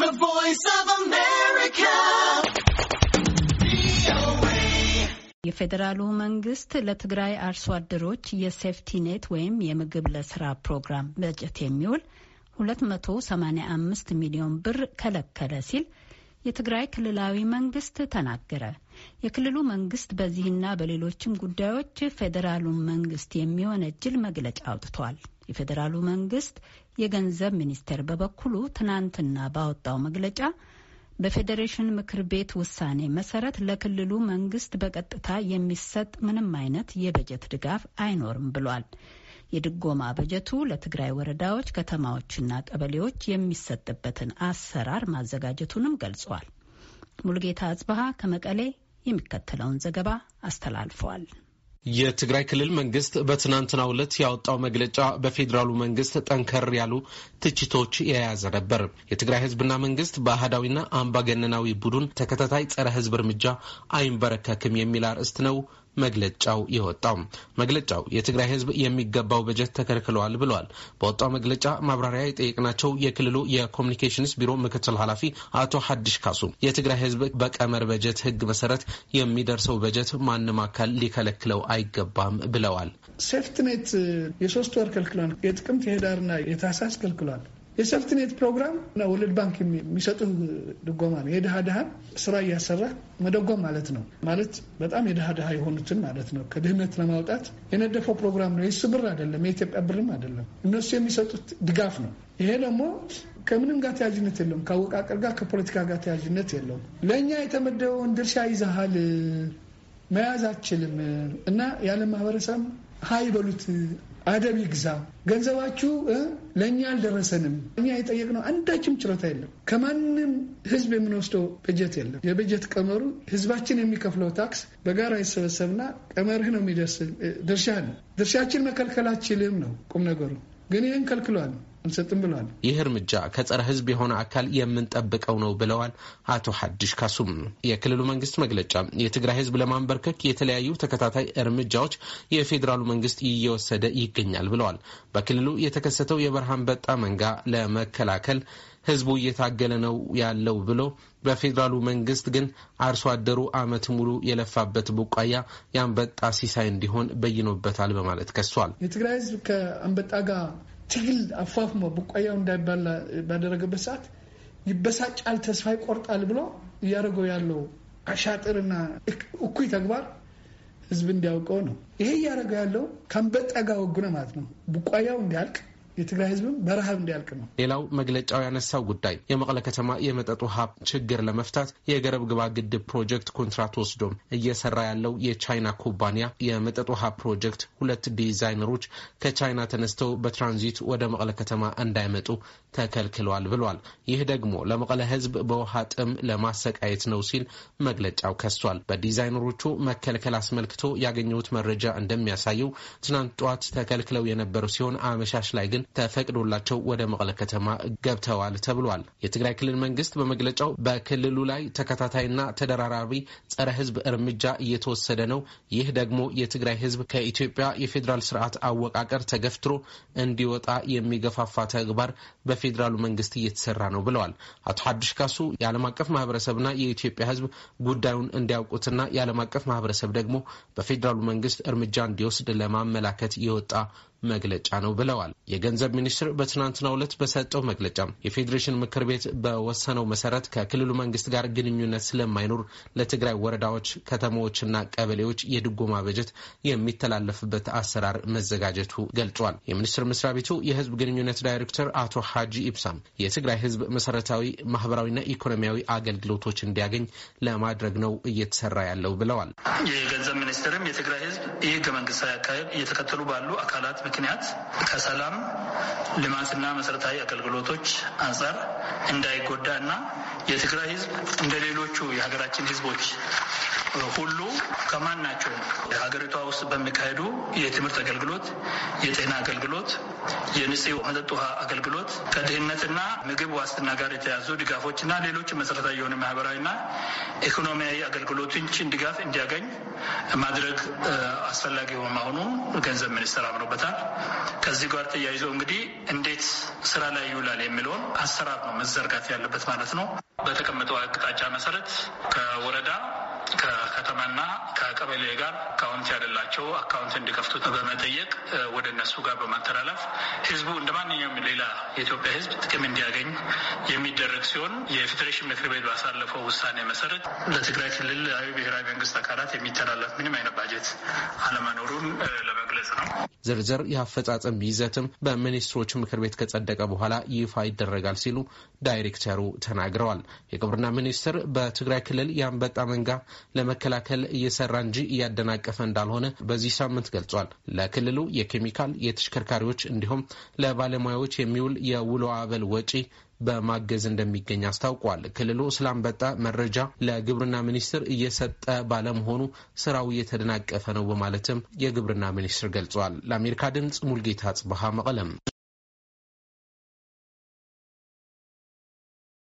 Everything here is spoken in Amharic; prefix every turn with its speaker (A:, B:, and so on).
A: The Voice of America.
B: የፌዴራሉ መንግስት ለትግራይ አርሶ አደሮች የሴፍቲ ኔት ወይም የምግብ ለስራ ፕሮግራም በጀት የሚውል 285 ሚሊዮን ብር ከለከለ ሲል የትግራይ ክልላዊ መንግስት ተናገረ። የክልሉ መንግስት በዚህና በሌሎችም ጉዳዮች ፌዴራሉን መንግስት የሚወነጅል መግለጫ አውጥቷል። የፌዴራሉ መንግስት የገንዘብ ሚኒስቴር በበኩሉ ትናንትና ባወጣው መግለጫ በፌዴሬሽን ምክር ቤት ውሳኔ መሰረት ለክልሉ መንግስት በቀጥታ የሚሰጥ ምንም አይነት የበጀት ድጋፍ አይኖርም ብሏል። የድጎማ በጀቱ ለትግራይ ወረዳዎች፣ ከተማዎችና ቀበሌዎች የሚሰጥበትን አሰራር ማዘጋጀቱንም ገልጿል። ሙልጌታ አጽበሃ ከመቀሌ የሚከተለውን ዘገባ አስተላልፈዋል።
C: የትግራይ ክልል መንግስት በትናንትናው ዕለት ያወጣው መግለጫ በፌዴራሉ መንግስት ጠንከር ያሉ ትችቶች የያዘ ነበር። የትግራይ ህዝብና መንግስት በአህዳዊና አምባገነናዊ ቡድን ተከታታይ ጸረ ህዝብ እርምጃ አይንበረከክም የሚል አርዕስት ነው መግለጫው የወጣው። መግለጫው የትግራይ ህዝብ የሚገባው በጀት ተከልክለዋል ብለዋል። በወጣው መግለጫ ማብራሪያ የጠየቅናቸው የክልሉ የኮሚኒኬሽንስ ቢሮ ምክትል ኃላፊ አቶ ሀዲሽ ካሱ የትግራይ ህዝብ በቀመር በጀት ህግ መሰረት የሚደርሰው በጀት ማንም አካል ሊከለክለው አይገባም ብለዋል።
A: ሴፍትኔት የሶስት ወር ከልክሏል። የጥቅምት የህዳርና የታህሳስ ከልክሏል። የሰፍትኔት ፕሮግራም ወለድ ባንክ የሚሰጡ ድጎማ ነው። የድሃ ድሃ ስራ እያሰራ መደጎም ማለት ነው። ማለት በጣም የድሃ ድሃ የሆኑትን ማለት ነው። ከድህነት ለማውጣት የነደፈው ፕሮግራም ነው። የሱ ብር አይደለም፣ የኢትዮጵያ ብርም አይደለም። እነሱ የሚሰጡት ድጋፍ ነው። ይሄ ደግሞ ከምንም ጋር ተያዥነት የለውም። ከአወቃቀር ጋር ከፖለቲካ ጋር ተያዥነት የለውም። ለእኛ የተመደበውን ድርሻ ይዛሃል መያዝ አችልም እና ያለ ማህበረሰብ ሀይ በሉት አደብ ይግዛ። ገንዘባችሁ ለእኛ አልደረሰንም። እኛ የጠየቅነው አንዳችም ችሎታ የለም። ከማንም ህዝብ የምንወስደው በጀት የለም። የበጀት ቀመሩ ህዝባችን የሚከፍለው ታክስ በጋራ ይሰበሰብና ቀመርህ ነው የሚደርስ ድርሻ ነው። ድርሻችን መከልከል አችልም ነው ቁም ነገሩ። ግን ይህን ከልክሏል። እንሰጥም ብለዋል።
C: ይህ እርምጃ ከጸረ ህዝብ የሆነ አካል የምንጠብቀው ነው ብለዋል አቶ ሀዲሽ ካሱም። የክልሉ መንግስት መግለጫ የትግራይ ህዝብ ለማንበርከክ የተለያዩ ተከታታይ እርምጃዎች የፌዴራሉ መንግስት እየወሰደ ይገኛል ብለዋል። በክልሉ የተከሰተው የበረሃ አንበጣ መንጋ ለመከላከል ህዝቡ እየታገለ ነው ያለው ብሎ በፌዴራሉ መንግስት ግን አርሶ አደሩ አመት ሙሉ የለፋበት ቡቃያ የአንበጣ ሲሳይ እንዲሆን በይኖበታል በማለት ከሷል። የትግራይ ህዝብ
A: ከአንበጣ ጋር ትግል አፋፍ ቡቋያው እንዳይባላ ባደረገበት ሰዓት ይበሳጫል፣ ተስፋ ይቆርጣል ብሎ እያደረገው ያለው አሻጥርና እኩይ ተግባር ህዝብ እንዲያውቀው ነው። ይሄ እያደረገው ያለው ከአንበጣ ጋር ማለት ነው። ቡቋያው እንዲያልቅ የትግራይ ህዝብም በረሃብ እንዲያልቅ ነው።
C: ሌላው መግለጫው ያነሳው ጉዳይ የመቀለ ከተማ የመጠጥ ውሃ ችግር ለመፍታት የገረብ ግባ ግድብ ፕሮጀክት ኮንትራት ወስዶም እየሰራ ያለው የቻይና ኩባንያ የመጠጥ ውሃ ፕሮጀክት ሁለት ዲዛይነሮች ከቻይና ተነስተው በትራንዚት ወደ መቀለ ከተማ እንዳይመጡ ተከልክለዋል ብሏል። ይህ ደግሞ ለመቀለ ህዝብ በውሃ ጥም ለማሰቃየት ነው ሲል መግለጫው ከሷል። በዲዛይነሮቹ መከልከል አስመልክቶ ያገኘሁት መረጃ እንደሚያሳየው ትናንት ጠዋት ተከልክለው የነበሩ ሲሆን አመሻሽ ላይ ግን ግን ተፈቅዶላቸው ወደ መቀለ ከተማ ገብተዋል ተብሏል። የትግራይ ክልል መንግስት በመግለጫው በክልሉ ላይ ተከታታይና ተደራራቢ ጸረ ህዝብ እርምጃ እየተወሰደ ነው። ይህ ደግሞ የትግራይ ህዝብ ከኢትዮጵያ የፌዴራል ስርዓት አወቃቀር ተገፍትሮ እንዲወጣ የሚገፋፋ ተግባር በፌዴራሉ መንግስት እየተሰራ ነው ብለዋል። አቶ ሀዱሽ ካሱ የዓለም አቀፍ ማህበረሰብና የኢትዮጵያ ህዝብ ጉዳዩን እንዲያውቁትና የዓለም አቀፍ ማህበረሰብ ደግሞ በፌዴራሉ መንግስት እርምጃ እንዲወስድ ለማመላከት የወጣ መግለጫ ነው ብለዋል። የገንዘብ ሚኒስትር በትናንትናው ዕለት በሰጠው መግለጫ የፌዴሬሽን ምክር ቤት በወሰነው መሰረት ከክልሉ መንግስት ጋር ግንኙነት ስለማይኖር ለትግራይ ወረዳዎች፣ ከተሞችና ቀበሌዎች የድጎማ በጀት የሚተላለፍበት አሰራር መዘጋጀቱ ገልጿል። የሚኒስትር መስሪያ ቤቱ የህዝብ ግንኙነት ዳይሬክተር አቶ ሀጂ ኢብሳም የትግራይ ህዝብ መሰረታዊ ማህበራዊና ኢኮኖሚያዊ አገልግሎቶች እንዲያገኝ ለማድረግ ነው እየተሰራ ያለው ብለዋል።
D: የገንዘብ ሚኒስትርም የትግራይ ህዝብ የህገ መንግስታዊ አካሄድ እየተከተሉ ባሉ አካላት ምክንያት ከሰላም ልማትና መሰረታዊ አገልግሎቶች አንጻር እንዳይጎዳ እና የትግራይ ህዝብ እንደ ሌሎቹ የሀገራችን ህዝቦች ሁሉ ናቸው ሀገሪቷ ውስጥ በሚካሄዱ የትምህርት አገልግሎት፣ የጤና አገልግሎት፣ የንጹህ መጠጥ ውሃ አገልግሎት ከድህነትና ምግብ ዋስትና ጋር የተያዙ ድጋፎችና ሌሎች መሰረታዊ የሆነ ማህበራዊና ኢኮኖሚያዊ አገልግሎቶችን ድጋፍ እንዲያገኝ ማድረግ አስፈላጊ መሆኑ ገንዘብ ሚኒስትር አምሮበታል። ከዚህ ጋር ተያይዞ እንግዲህ እንዴት ስራ ላይ ይውላል የሚለውን አሰራር ነው መዘርጋት ያለበት ማለት ነው። በተቀመጠው አቅጣጫ መሰረት ከወረዳ uh, ጋርና ከቀበሌ ጋር አካውንት ያደላቸው አካውንት እንዲከፍቱ በመጠየቅ ወደ እነሱ ጋር በማተላለፍ ህዝቡ እንደ ማንኛውም ሌላ የኢትዮጵያ ህዝብ ጥቅም እንዲያገኝ የሚደረግ ሲሆን የፌዴሬሽን ምክር ቤት ባሳለፈው ውሳኔ መሰረት ለትግራይ ክልል አዊ ብሔራዊ መንግስት አካላት የሚተላለፍ ምንም አይነት ባጀት አለመኖሩን ለመግለጽ
C: ነው። ዝርዝር የአፈጻጸም ይዘትም በሚኒስትሮች ምክር ቤት ከጸደቀ በኋላ ይፋ ይደረጋል ሲሉ ዳይሬክተሩ ተናግረዋል። የግብርና ሚኒስትር በትግራይ ክልል የአንበጣ መንጋ ለመከላከል በማቀበል እየሰራ እንጂ እያደናቀፈ እንዳልሆነ በዚህ ሳምንት ገልጿል። ለክልሉ የኬሚካል የተሽከርካሪዎች እንዲሁም ለባለሙያዎች የሚውል የውሎ አበል ወጪ በማገዝ እንደሚገኝ አስታውቋል። ክልሉ ስላንበጣ መረጃ ለግብርና ሚኒስቴር እየሰጠ ባለመሆኑ ስራው እየተደናቀፈ ነው በማለትም የግብርና ሚኒስቴር ገልጿል። ለአሜሪካ ድምፅ ሙልጌታ ጽብሃ መቀለም